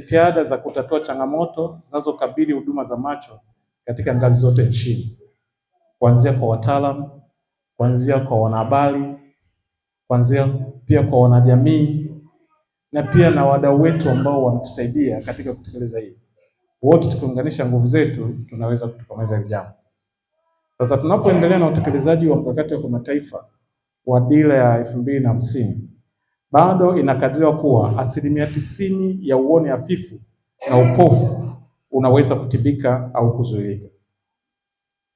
Jitihada za kutatua changamoto zinazokabili huduma za macho katika ngazi zote nchini, kuanzia kwa wataalamu, kuanzia kwa wanahabari, kuanzia pia kwa wanajamii na pia na wadau wetu ambao wanatusaidia katika kutekeleza hii. Wote tukiunganisha nguvu zetu, tunaweza kutokomeza hili jambo. Sasa tunapoendelea na utekelezaji wa mkakati wa kimataifa wa dira ya elfu mbili na hamsini bado inakadiriwa kuwa asilimia tisini ya uoni hafifu na upofu unaweza kutibika au kuzuilika.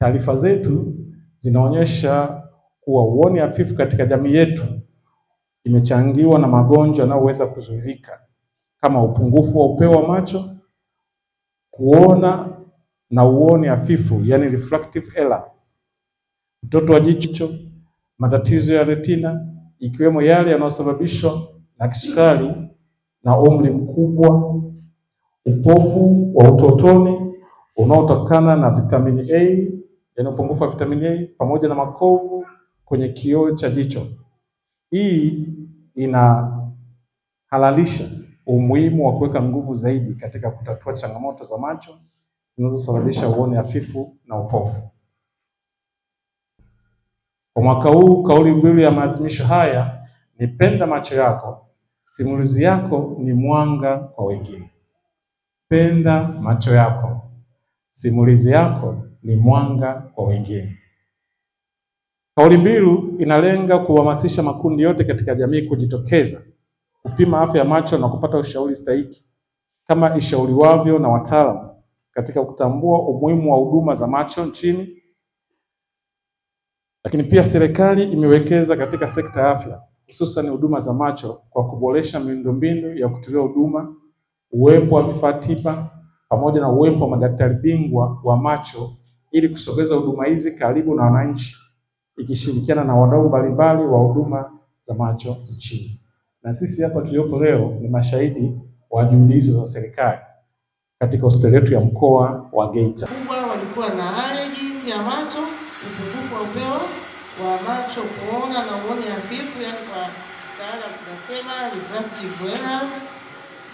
Taarifa zetu zinaonyesha kuwa uoni hafifu katika jamii yetu imechangiwa na magonjwa yanayoweza kuzuilika kama upungufu wa upeo wa macho, kuona na uoni hafifu, yani refractive error, mtoto wa jicho, matatizo ya retina ikiwemo yale yanayosababishwa na kisukari na umri mkubwa, upofu wa utotoni unaotokana na vitamini A, yaani upungufu wa vitamini A, pamoja na makovu kwenye kioo cha jicho. Hii inahalalisha umuhimu wa kuweka nguvu zaidi katika kutatua changamoto za macho zinazosababisha uone hafifu na upofu. Kwa mwaka huu kauli mbiu ya maadhimisho haya ni penda macho yako, simulizi yako ni mwanga kwa wengine. Penda macho yako, simulizi yako ni mwanga kwa wengine. Kauli mbiu inalenga kuhamasisha makundi yote katika jamii kujitokeza kupima afya ya macho na kupata ushauri stahiki kama ishauriwavyo na wataalamu katika kutambua umuhimu wa huduma za macho nchini lakini pia serikali imewekeza katika sekta ya afya hususan huduma za macho kwa kuboresha miundombinu ya kutolea huduma, uwepo wa vifaa tiba pamoja na uwepo wa madaktari bingwa wa macho ili kusogeza huduma hizi karibu na wananchi, ikishirikiana na wadau mbalimbali wa huduma za macho nchini. Na sisi hapa tuliopo leo ni mashahidi wa juhudi hizo za serikali katika hospitali yetu ya mkoa wa Geita. Walikuwa na allergies ya macho, upungufu wa upeo kwa macho kuona na uone hafifu, yani kwa kitaalam tunasema refractive errors,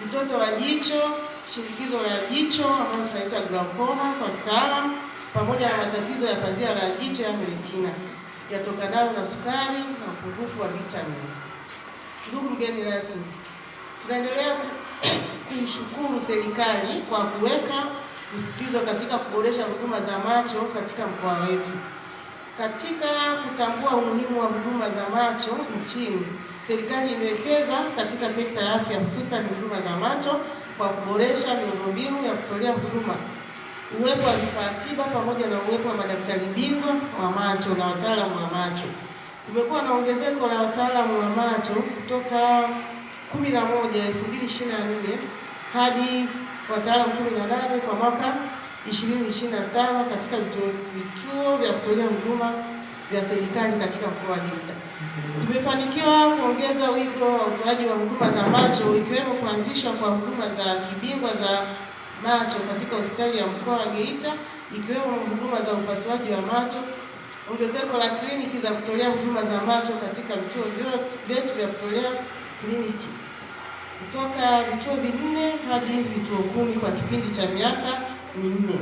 mtoto wa jicho, shinikizo la jicho ambalo tunaita glaucoma kwa kitaalam, pamoja na matatizo ya pazia la jicho yani retina yatokanayo na sukari na upungufu wa vitamini. Ndugu mgeni rasmi, tunaendelea kuishukuru serikali kwa kuweka msitizo katika kuboresha huduma za macho katika mkoa wetu. Katika kutambua umuhimu wa huduma za macho nchini, serikali imewekeza katika sekta ya afya, hususan huduma za macho kwa kuboresha miundombinu ya kutolea huduma, uwepo wa vifaa tiba pamoja na uwepo wa madaktari bingwa wa macho na wataalamu wa macho. Kumekuwa na ongezeko la wataalamu wa macho kutoka 11 2024 hadi wataalamu 18 kwa mwaka 2025 katika vituo vya kutolea huduma vya serikali katika mkoa wa Geita. Tumefanikiwa kuongeza wigo wa utoaji wa huduma za macho ikiwemo kuanzishwa kwa huduma za kibingwa za macho katika hospitali ya mkoa wa Geita ikiwemo huduma za upasuaji wa macho, ongezeko la kliniki za kutolea huduma za macho katika vituo vyetu vya kutolea kliniki kutoka vituo vinne hadi vituo kumi kwa kipindi cha miaka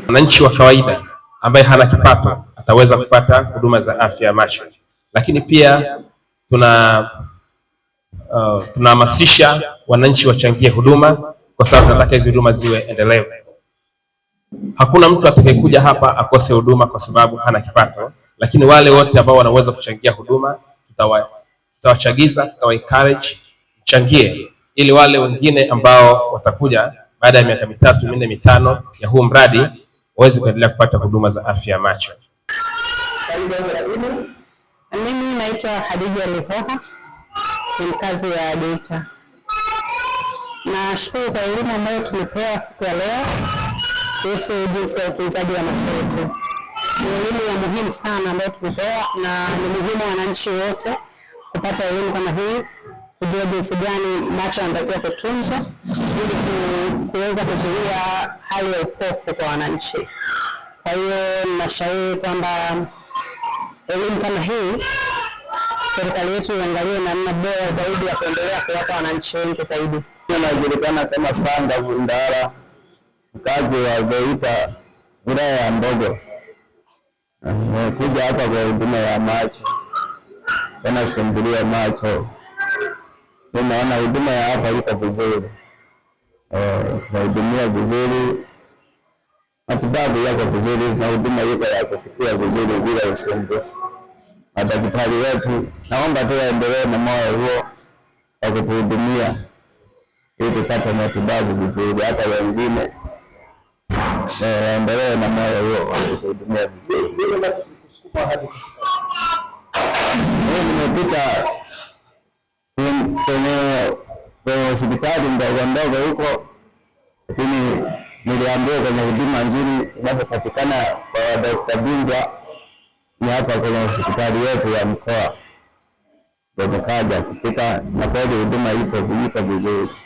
Mwananchi wa kawaida ambaye hana kipato ataweza kupata huduma za afya ya macho, lakini pia tuna uh, tunahamasisha wananchi wachangie huduma, kwa sababu tunataka hizo huduma ziwe endelevu. Hakuna mtu atakayekuja hapa akose huduma kwa sababu hana kipato, lakini wale wote ambao wanaweza kuchangia huduma tutawachagiza, tutawa tutawa encourage mchangie, ili wale wengine ambao watakuja baada ya miaka mitatu minne mitano ya huu mradi waweze kuendelea kupata huduma za afya ya macho. Mimi naitwa Hadija Lihoha, ni mkazi wa Geita. Nashukuru kwa elimu ambayo tumepewa siku ya leo kuhusu jinsi ya utunzaji wa macho yetu. Ni elimu ya muhimu sana ambayo tumepewa, na ni muhimu wananchi wote kupata elimu kama hii kujua jinsi gani macho yanatakiwa kutunzwa ili kuweza kuzuia hali ya upofu kwa wananchi. Kwa hiyo nashauri kwamba elimu kama hii serikali yetu iangalie namna bora zaidi ya kuendelea kuwapa wananchi wengi zaidi. Najulikana kama sanga Vundara, mkazi wa Geita, wilaya ya Mbogo. Nimekuja hapa kwa huduma ya macho, yanasumbulia macho mimi naona huduma ya hapa iko vizuri, tunahudumia eh, vizuri, matibabu yako vizuri na huduma iko ya kufikia vizuri bila usumbufu. Madaktari wetu naomba tu waendelee na moyo huo wa kutuhudumia ili tupate matibabu vizuri, hata wengine eh, waendelee na moyo huo wa kutuhudumia vizuri. Nimepita kwenye hospitali ndogo ndogo huko, lakini niliambiwa kwenye huduma nzuri inapopatikana kwa wadokta bingwa ni hapa kwenye hospitali yetu ya mkoa, ndio nikaja kufika na kweli huduma ipo ipo vizuri.